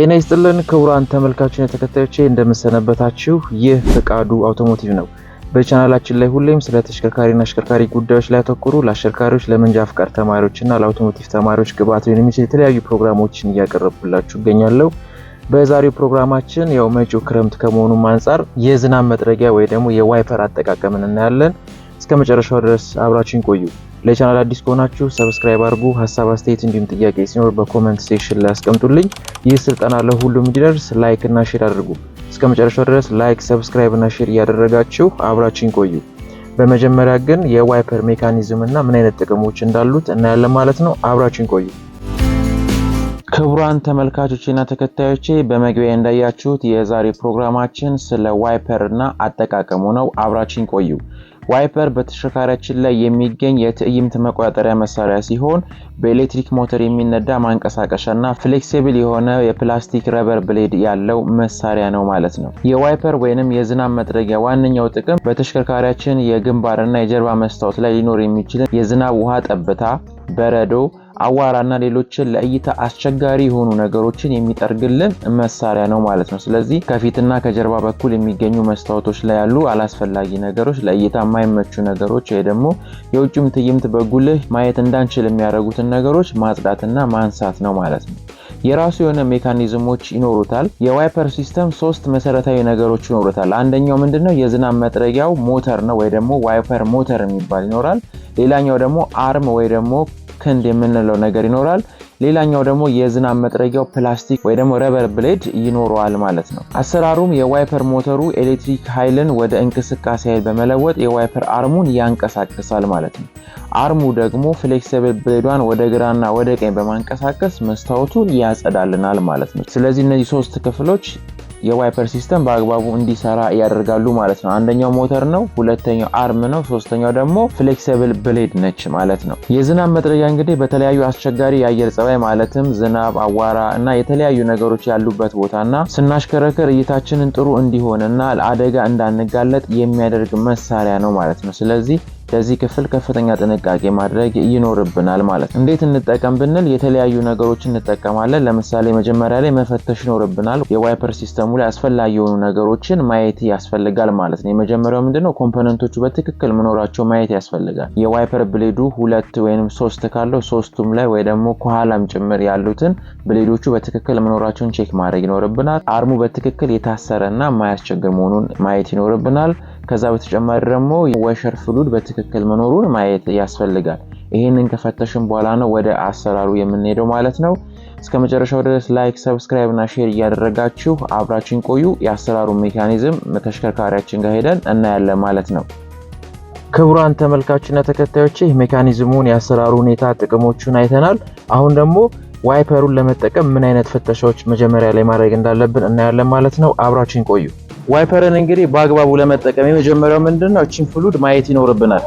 ጤና ይስጥልን ክቡራን ተመልካችን ተከታዮቼ እንደምሰነበታችሁ። ይህ ፍቃዱ አውቶሞቲቭ ነው። በቻናላችን ላይ ሁሌም ስለ ተሽከርካሪና አሽከርካሪ ጉዳዮች ላይ ያተኮሩ ለአሽከርካሪዎች፣ ለመንጃ ፍቃድ ተማሪዎችና ለአውቶሞቲቭ ተማሪዎች ግብዓት ሊሆን የሚችል የተለያዩ ፕሮግራሞችን እያቀረብኩላችሁ እገኛለሁ። በዛሬው ፕሮግራማችን ያው መጪው ክረምት ከመሆኑም አንጻር የዝናብ መጥረጊያ ወይ ደግሞ የዋይፐር አጠቃቀምን እናያለን። እስከ መጨረሻው ድረስ አብራችን ቆዩ። ለቻናል አዲስ ከሆናችሁ ሰብስክራይብ አድርጉ። ሀሳብ አስተያየት፣ እንዲሁም ጥያቄ ሲኖር በኮመንት ሴክሽን ላይ አስቀምጡልኝ። ይህ ስልጠና ለሁሉም እንዲደርስ ላይክ እና ሼር አድርጉ። እስከ መጨረሻው ድረስ ላይክ፣ ሰብስክራይብ እና ሼር እያደረጋችሁ አብራችን ቆዩ። በመጀመሪያ ግን የዋይፐር ሜካኒዝም እና ምን አይነት ጥቅሞች እንዳሉት እናያለን ማለት ነው። አብራችን ቆዩ። ክቡራን ተመልካቾችና ተከታዮቼ በመግቢያ እንዳያችሁት የዛሬ ፕሮግራማችን ስለ ዋይፐር እና አጠቃቀሙ ነው። አብራችን ቆዩ። ዋይፐር በተሽከርካሪያችን ላይ የሚገኝ የትዕይንት መቆጣጠሪያ መሳሪያ ሲሆን በኤሌክትሪክ ሞተር የሚነዳ ማንቀሳቀሻና ፍሌክሲብል የሆነ የፕላስቲክ ረበር ብሌድ ያለው መሳሪያ ነው ማለት ነው። የዋይፐር ወይንም የዝናብ መጥረጊያ ዋነኛው ጥቅም በተሽከርካሪያችን የግንባርና የጀርባ መስታወት ላይ ሊኖር የሚችልን የዝናብ ውሃ ጠብታ፣ በረዶ አዋራና ሌሎችን ለእይታ አስቸጋሪ የሆኑ ነገሮችን የሚጠርግልን መሳሪያ ነው ማለት ነው። ስለዚህ ከፊትና ከጀርባ በኩል የሚገኙ መስታወቶች ላይ ያሉ አላስፈላጊ ነገሮች፣ ለእይታ የማይመቹ ነገሮች ወይ ደግሞ የውጭም ትዕይንት በጉልህ ማየት እንዳንችል የሚያደርጉትን ነገሮች ማጽዳትና ማንሳት ነው ማለት ነው። የራሱ የሆነ ሜካኒዝሞች ይኖሩታል። የዋይፐር ሲስተም ሶስት መሰረታዊ ነገሮች ይኖሩታል። አንደኛው ምንድነው? የዝናብ መጥረጊያው ሞተር ነው ወይ ደግሞ ዋይፐር ሞተር የሚባል ይኖራል። ሌላኛው ደግሞ አርም ወይ ደግሞ ክንድ የምንለው ነገር ይኖራል። ሌላኛው ደግሞ የዝናብ መጥረጊያው ፕላስቲክ ወይ ደግሞ ረበር ብሌድ ይኖረዋል ማለት ነው። አሰራሩም የዋይፐር ሞተሩ ኤሌክትሪክ ኃይልን ወደ እንቅስቃሴ ኃይል በመለወጥ የዋይፐር አርሙን ያንቀሳቅሳል ማለት ነው። አርሙ ደግሞ ፍሌክሲብል ብሌዷን ወደ ግራና ወደ ቀኝ በማንቀሳቀስ መስታወቱን ያጸዳልናል ማለት ነው። ስለዚህ እነዚህ ሶስት ክፍሎች የዋይፐር ሲስተም በአግባቡ እንዲሰራ ያደርጋሉ ማለት ነው። አንደኛው ሞተር ነው፣ ሁለተኛው አርም ነው፣ ሶስተኛው ደግሞ ፍሌክሲብል ብሌድ ነች ማለት ነው። የዝናብ መጥረጊያ እንግዲህ በተለያዩ አስቸጋሪ የአየር ጸባይ ማለትም ዝናብ፣ አዋራ እና የተለያዩ ነገሮች ያሉበት ቦታና ስናሽከረከር እይታችንን ጥሩ እንዲሆንና ለአደጋ እንዳንጋለጥ የሚያደርግ መሳሪያ ነው ማለት ነው። ስለዚህ ከዚህ ክፍል ከፍተኛ ጥንቃቄ ማድረግ ይኖርብናል ማለት ነው። እንዴት እንጠቀም ብንል የተለያዩ ነገሮችን እንጠቀማለን። ለምሳሌ መጀመሪያ ላይ መፈተሽ ይኖርብናል። የዋይፐር ሲስተሙ ላይ አስፈላጊ የሆኑ ነገሮችን ማየት ያስፈልጋል ማለት ነው። የመጀመሪያው ምንድነው? ኮምፖነንቶቹ በትክክል መኖራቸው ማየት ያስፈልጋል። የዋይፐር ብሌዱ ሁለት ወይም ሶስት ካለው ሶስቱም ላይ ወይ ደግሞ ከኋላም ጭምር ያሉትን ብሌዶቹ በትክክል መኖራቸውን ቼክ ማድረግ ይኖርብናል። አርሙ በትክክል የታሰረና ማያስቸግር መሆኑን ማየት ይኖርብናል። ከዛ በተጨማሪ ደግሞ ወሸር ፍሉድ በትክክል መኖሩን ማየት ያስፈልጋል። ይህንን ከፈተሽን በኋላ ነው ወደ አሰራሩ የምንሄደው ማለት ነው። እስከ መጨረሻው ድረስ ላይክ፣ ሰብስክራይብ እና ሼር እያደረጋችሁ አብራችን ቆዩ። የአሰራሩ ሜካኒዝም ተሽከርካሪያችን ጋር ሄደን እናያለን ማለት ነው። ክቡራን ተመልካችና ተከታዮች ሜካኒዝሙን፣ የአሰራሩ ሁኔታ፣ ጥቅሞቹን አይተናል። አሁን ደግሞ ዋይፐሩን ለመጠቀም ምን አይነት ፍተሻዎች መጀመሪያ ላይ ማድረግ እንዳለብን እናያለን ማለት ነው። አብራችን ቆዩ። ዋይፐርን እንግዲህ በአግባቡ ለመጠቀም የመጀመሪያው ምንድን ነው? እቺን ፍሉድ ማየት ይኖርብናል።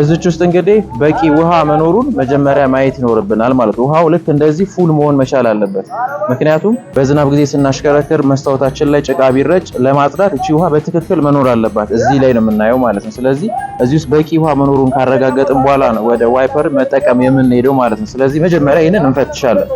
እዚች ውስጥ እንግዲህ በቂ ውሃ መኖሩን መጀመሪያ ማየት ይኖርብናል ማለት ነው። ውሃው ልክ እንደዚህ ፉል መሆን መቻል አለበት። ምክንያቱም በዝናብ ጊዜ ስናሽከረክር መስታወታችን ላይ ጭቃ ቢረጭ ለማጽዳት እቺ ውሃ በትክክል መኖር አለባት። እዚህ ላይ ነው የምናየው ማለት ነው። ስለዚህ እዚህ ውስጥ በቂ ውሃ መኖሩን ካረጋገጥን በኋላ ነው ወደ ዋይፐር መጠቀም የምንሄደው ማለት ነው። ስለዚህ መጀመሪያ ይህንን እንፈትሻለን።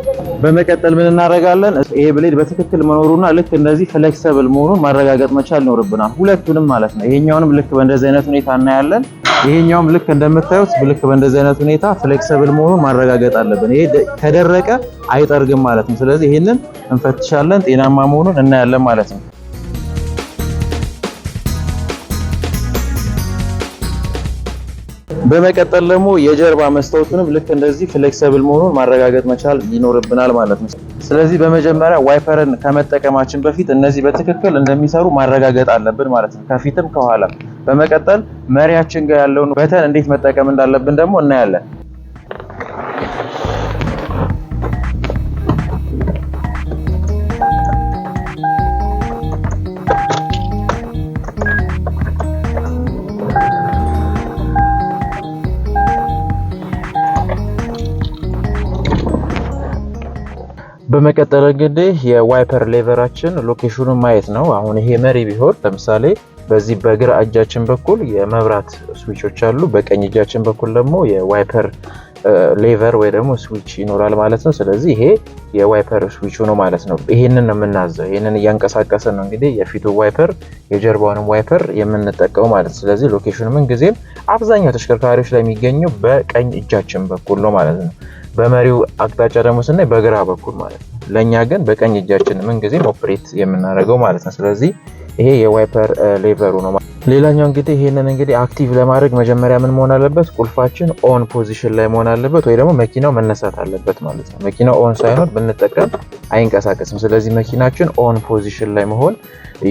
በመቀጠል ምን እናደርጋለን? ይሄ ብሌድ በትክክል መኖሩና ልክ እንደዚህ ፍሌክሰብል መሆኑን ማረጋገጥ መቻል ይኖርብናል። ሁለቱንም ማለት ነው። ይሄኛውንም ልክ በእንደዚህ አይነት ሁኔታ እናያለን። ይሄኛውም ልክ እንደምታዩት ልክ በእንደዚህ አይነት ሁኔታ ፍሌክሲብል መሆኑን ማረጋገጥ አለብን። ይሄ ከደረቀ አይጠርግም ማለት ነው። ስለዚህ ይህንን እንፈትሻለን፣ ጤናማ መሆኑን እናያለን ማለት ነው። በመቀጠል ደግሞ የጀርባ መስታወቱንም ልክ እንደዚህ ፍሌክሲብል መሆኑን ማረጋገጥ መቻል ይኖርብናል ማለት ነው። ስለዚህ በመጀመሪያ ዋይፐርን ከመጠቀማችን በፊት እነዚህ በትክክል እንደሚሰሩ ማረጋገጥ አለብን ማለት ነው፣ ከፊትም ከኋላም በመቀጠል መሪያችን ጋር ያለውን በተን እንዴት መጠቀም እንዳለብን ደግሞ እናያለን። በመቀጠል እንግዲህ የዋይፐር ሌቨራችን ሎኬሽኑን ማየት ነው። አሁን ይሄ መሪ ቢሆን ለምሳሌ በዚህ በግራ እጃችን በኩል የመብራት ስዊቾች አሉ። በቀኝ እጃችን በኩል ደግሞ የዋይፐር ሌቨር ወይ ደግሞ ስዊች ይኖራል ማለት ነው። ስለዚህ ይሄ የዋይፐር ስዊች ነው ማለት ነው። ይሄንን ነው የምናዘው። ይሄንን እያንቀሳቀሰ ነው እንግዲህ የፊቱ ዋይፐር የጀርባውንም ዋይፐር የምንጠቀመው ማለት ነው። ስለዚህ ሎኬሽኑ ምን ጊዜም አብዛኛው ተሽከርካሪዎች ላይ የሚገኘው በቀኝ እጃችን በኩል ነው ማለት ነው። በመሪው አቅጣጫ ደግሞ ስናይ በግራ በኩል ማለት ነው። ለእኛ ግን በቀኝ እጃችን ምን ጊዜም ኦፕሬት የምናደርገው ማለት ነው። ስለዚህ ይሄ የዋይፐር ሌቨሩ ነው። ሌላኛው እንግዲህ ይህንን እንግዲህ አክቲቭ ለማድረግ መጀመሪያ ምን መሆን አለበት? ቁልፋችን ኦን ፖዚሽን ላይ መሆን አለበት፣ ወይ ደግሞ መኪናው መነሳት አለበት ማለት ነው። መኪናው ኦን ሳይሆን ብንጠቀም አይንቀሳቀስም። ስለዚህ መኪናችን ኦን ፖዚሽን ላይ መሆን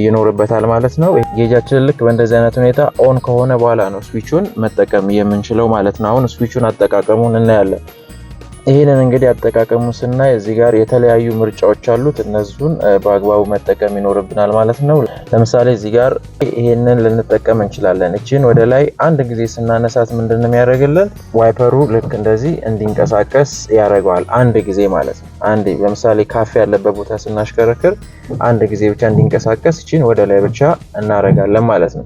ይኖርበታል ማለት ነው። ጌጃችን ልክ በእንደዚህ አይነት ሁኔታ ኦን ከሆነ በኋላ ነው ስዊቹን መጠቀም የምንችለው ማለት ነው። አሁን ስዊቹን አጠቃቀሙን እናያለን። ይህንን እንግዲህ አጠቃቀሙ ስናይ እዚህ ጋር የተለያዩ ምርጫዎች አሉት። እነሱን በአግባቡ መጠቀም ይኖርብናል ማለት ነው። ለምሳሌ እዚህ ጋር ይህንን ልንጠቀም እንችላለን። እችን ወደ ላይ አንድ ጊዜ ስናነሳት ምንድን ነው የሚያደርግልን? ዋይፐሩ ልክ እንደዚህ እንዲንቀሳቀስ ያደርገዋል። አንድ ጊዜ ማለት ነው። አንድ ለምሳሌ ካፌ ያለበት ቦታ ስናሽከረክር አንድ ጊዜ ብቻ እንዲንቀሳቀስ እችን ወደ ላይ ብቻ እናደርጋለን ማለት ነው።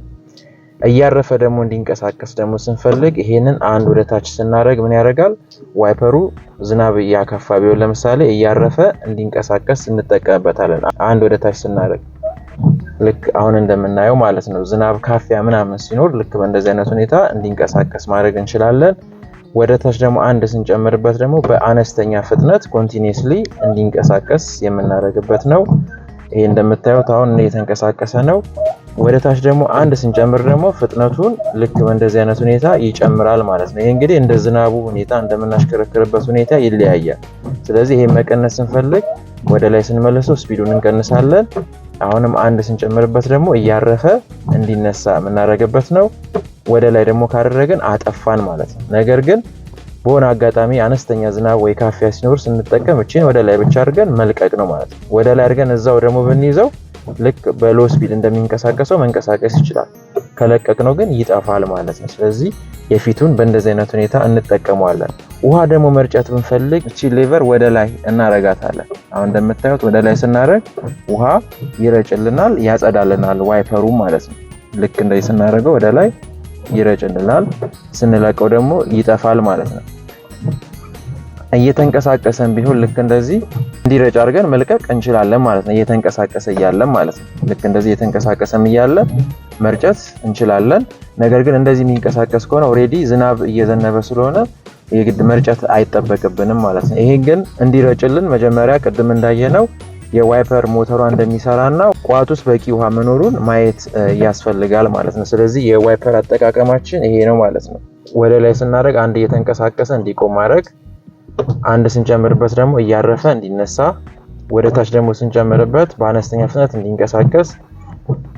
እያረፈ ደግሞ እንዲንቀሳቀስ ደግሞ ስንፈልግ ይሄንን አንድ ወደ ታች ስናደረግ ምን ያደርጋል? ዋይፐሩ ዝናብ እያከፋ ቢሆን ለምሳሌ እያረፈ እንዲንቀሳቀስ እንጠቀምበታለን። አንድ ወደ ታች ስናደረግ ልክ አሁን እንደምናየው ማለት ነው። ዝናብ ካፊያ ምናምን ሲኖር ልክ በእንደዚህ አይነት ሁኔታ እንዲንቀሳቀስ ማድረግ እንችላለን። ወደ ታች ደግሞ አንድ ስንጨምርበት ደግሞ በአነስተኛ ፍጥነት ኮንቲኒየስሊ እንዲንቀሳቀስ የምናደርግበት ነው። ይሄ እንደምታዩት አሁን እየተንቀሳቀሰ ነው። ወደ ታች ደግሞ አንድ ስንጨምር ደግሞ ፍጥነቱን ልክ በእንደዚህ አይነት ሁኔታ ይጨምራል ማለት ነው። ይሄ እንግዲህ እንደ ዝናቡ ሁኔታ እንደምናሽከረክርበት ሁኔታ ይለያያል። ስለዚህ ይሄ መቀነስ ስንፈልግ ወደ ላይ ስንመልሰው ስፒዱን እንቀንሳለን። አሁንም አንድ ስንጨምርበት ደግሞ እያረፈ እንዲነሳ የምናደርግበት ነው። ወደ ላይ ደግሞ ካደረግን አጠፋን ማለት ነው። ነገር ግን በሆነ አጋጣሚ አነስተኛ ዝናብ ወይ ካፊያ ሲኖር ስንጠቀም እቺን ወደ ላይ ብቻ አድርገን መልቀቅ ነው ማለት ነው። ወደ ላይ አድርገን እዛው ደግሞ ብንይዘው ልክ በሎ ስፒድ እንደሚንቀሳቀሰው መንቀሳቀስ ይችላል። ከለቀቅ ነው ግን ይጠፋል ማለት ነው። ስለዚህ የፊቱን በእንደዚህ አይነት ሁኔታ እንጠቀመዋለን። ውሃ ደግሞ መርጨት ብንፈልግ እቺ ሌቨር ወደ ላይ እናረጋታለን። አሁን እንደምታዩት ወደ ላይ ስናደረግ ውሃ ይረጭልናል፣ ያጸዳልናል ዋይፐሩ ማለት ነው። ልክ እንደዚህ ስናደረገው ወደ ላይ ይረጭልናል፣ ስንለቀው ደግሞ ይጠፋል ማለት ነው። እየተንቀሳቀሰን ቢሆን ልክ እንደዚህ እንዲረጭ አድርገን መልቀቅ እንችላለን ማለት ነው። እየተንቀሳቀሰ እያለን ማለት ነው። ልክ እንደዚህ እየተንቀሳቀሰም እያለ መርጨት እንችላለን። ነገር ግን እንደዚህ የሚንቀሳቀስ ከሆነ ኦልሬዲ ዝናብ እየዘነበ ስለሆነ የግድ መርጨት አይጠበቅብንም ማለት ነው። ይሄ ግን እንዲረጭልን መጀመሪያ ቅድም እንዳየነው የዋይፐር ሞተሯ እንደሚሰራና ቋት ውስጥ በቂ ውሃ መኖሩን ማየት ያስፈልጋል ማለት ነው። ስለዚህ የዋይፐር አጠቃቀማችን ይሄ ነው ማለት ነው። ወደ ላይ ስናደርግ አንድ እየተንቀሳቀሰ እንዲቆም ማድረግ አንድ ስንጨምርበት ደግሞ እያረፈ እንዲነሳ ወደ ታች ደግሞ ስንጨምርበት በአነስተኛ ፍጥነት እንዲንቀሳቀስ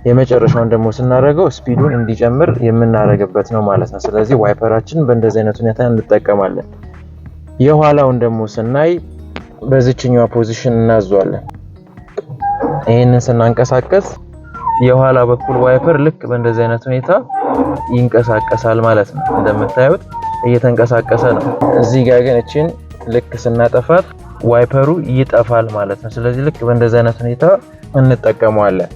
የመጨረሻውን ደግሞ ስናደርገው ስፒዱን እንዲጨምር የምናደርግበት ነው ማለት ነው። ስለዚህ ዋይፐራችን በእንደዚህ አይነት ሁኔታ እንጠቀማለን። የኋላውን ደግሞ ስናይ በዚችኛዋ ፖዚሽን እናዟለን። ይህንን ስናንቀሳቀስ የኋላ በኩል ዋይፐር ልክ በእንደዚህ አይነት ሁኔታ ይንቀሳቀሳል ማለት ነው። እንደምታዩት እየተንቀሳቀሰ ነው። እዚህ ጋር ግን እችን ልክ ስናጠፋት ዋይፐሩ ይጠፋል ማለት ነው። ስለዚህ ልክ በእንደዚህ አይነት ሁኔታ እንጠቀመዋለን።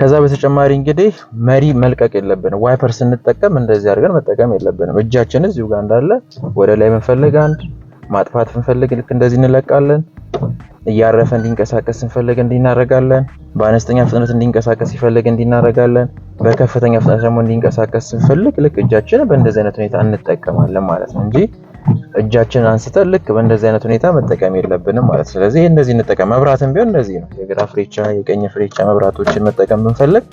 ከዛ በተጨማሪ እንግዲህ መሪ መልቀቅ የለብንም። ዋይፐር ስንጠቀም እንደዚህ አድርገን መጠቀም የለብንም። እጃችን እዚሁ ጋር እንዳለ ወደ ላይ ብንፈልግ አንድ ማጥፋት ብንፈልግ ልክ እንደዚህ እንለቃለን። እያረፈ እንዲንቀሳቀስ ስንፈልግ እንዲናረጋለን። በአነስተኛ ፍጥነት እንዲንቀሳቀስ ሲፈልግ እንዲናረጋለን። በከፍተኛ ፍጥነት ደግሞ እንዲንቀሳቀስ ስንፈልግ ልክ እጃችን በእንደዚህ አይነት ሁኔታ እንጠቀማለን ማለት ነው እንጂ እጃችን አንስተን ልክ በእንደዚህ አይነት ሁኔታ መጠቀም የለብንም ማለት። ስለዚህ እንደዚህ እንጠቀም። መብራትም ቢሆን እንደዚህ ነው። የግራ ፍሬቻ፣ የቀኝ ፍሬቻ መብራቶችን መጠቀም ብንፈልግ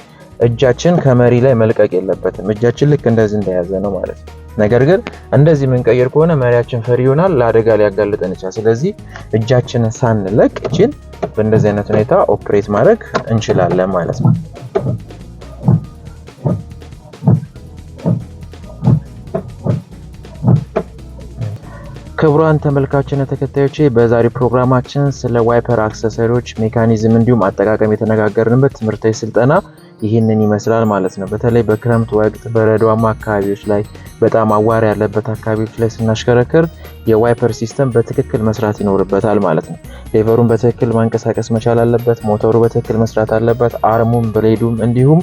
እጃችን ከመሪ ላይ መልቀቅ የለበትም። እጃችን ልክ እንደዚህ እንደያዘ ነው ማለት ነው። ነገር ግን እንደዚህ የምንቀይር ከሆነ መሪያችን ፈሪ ይሆናል፣ ለአደጋ ሊያጋልጠን ይችላል። ስለዚህ እጃችንን ሳንለቅ እችን በእንደዚህ አይነት ሁኔታ ኦፕሬት ማድረግ እንችላለን ማለት ነው። ክቡራን ተመልካችን ተከታዮቼ በዛሬ ፕሮግራማችን ስለ ዋይፐር አክሰሰሪዎች ሜካኒዝም እንዲሁም አጠቃቀም የተነጋገርንበት ትምህርታዊ ስልጠና ይህንን ይመስላል ማለት ነው። በተለይ በክረምት ወቅት በረዷማ አካባቢዎች ላይ በጣም አዋር ያለበት አካባቢዎች ላይ ስናሽከረክር የዋይፐር ሲስተም በትክክል መስራት ይኖርበታል ማለት ነው። ሌቨሩን በትክክል ማንቀሳቀስ መቻል አለበት። ሞተሩ በትክክል መስራት አለበት። አርሙም ብሌዱም እንዲሁም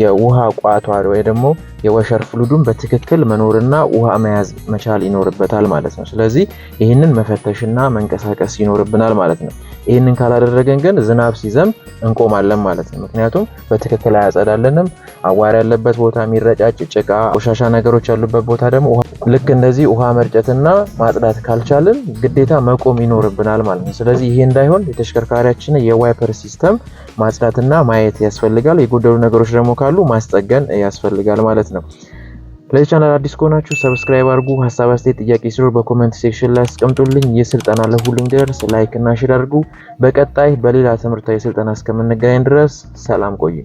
የውሃ ቋቷሪ ወይ ደግሞ የወሸር ፍሉዱን በትክክል መኖርና ውሃ መያዝ መቻል ይኖርበታል ማለት ነው። ስለዚህ ይህንን መፈተሽና መንቀሳቀስ ይኖርብናል ማለት ነው። ይህንን ካላደረገን ግን ዝናብ ሲዘም እንቆማለን ማለት ነው። ምክንያቱም በትክክል አያጸዳልንም። አዋር ያለበት ቦታ የሚረጫጭ ጭቃ፣ ቆሻሻ ነገሮች ያሉበት ቦታ ደግሞ ልክ እንደዚህ ውሃ መርጨትና ማጽዳት ካልቻልን ግዴታ መቆም ይኖርብናል ማለት ነው። ስለዚህ ይሄ እንዳይሆን የተሽከርካሪያችን የዋይፐር ሲስተም ማጽዳትና ማየት ያስፈልጋል። የጎደሉ ነገሮች ደግሞ ካሉ ማስጠገን ያስፈልጋል ማለት ነው። ለዚህ ቻናል አዲስ ከሆናችሁ ሰብስክራይብ አድርጉ። ሀሳብ አስተያየት፣ ጥያቄ ሲኖር በኮሜንት ሴክሽን ላይ አስቀምጡልኝ። ይህ ስልጠና ለሁሉም ደርስ ላይክ እና ሼር አድርጉ። በቀጣይ በሌላ ትምህርታዊ ስልጠና እስከምንገናኝ ድረስ ሰላም ቆዩ።